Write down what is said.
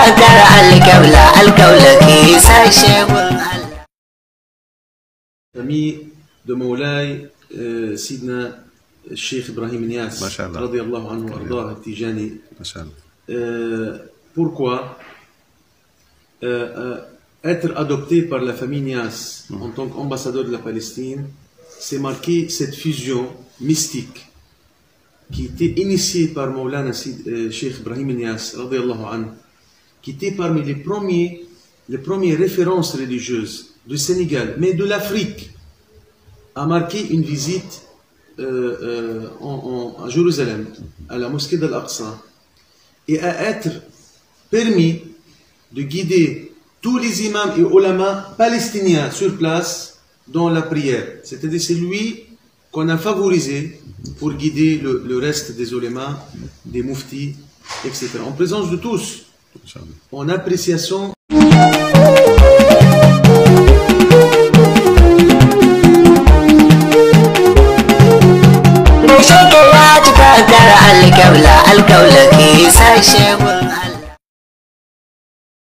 ترى الكولة الكولة كيسة شغل أمي دو مولاي سيدنا الشيخ إبراهيم نياس ما شاء الله رضي الله عنه وأرضاه التيجاني ما شاء الله بوركوا être adopté par la famille Nias mmh. en tant qu'ambassadeur de la Palestine, c'est marqué cette fusion mystique qui était initiée par Maulana Sid, euh, Sheikh Ibrahim Nias, anhu, qui était parmi les premiers, les premières références religieuses du Sénégal, mais de l'Afrique, a marqué une visite euh, euh, en, à Jérusalem, à la mosquée d'Al-Aqsa, et a été permis de guider tous les imams et ulama palestiniens sur place dans la prière. cest à lui qu'on a favorisé pour guider le, reste des ulama, des muftis, etc. En présence de tous. En appréciation.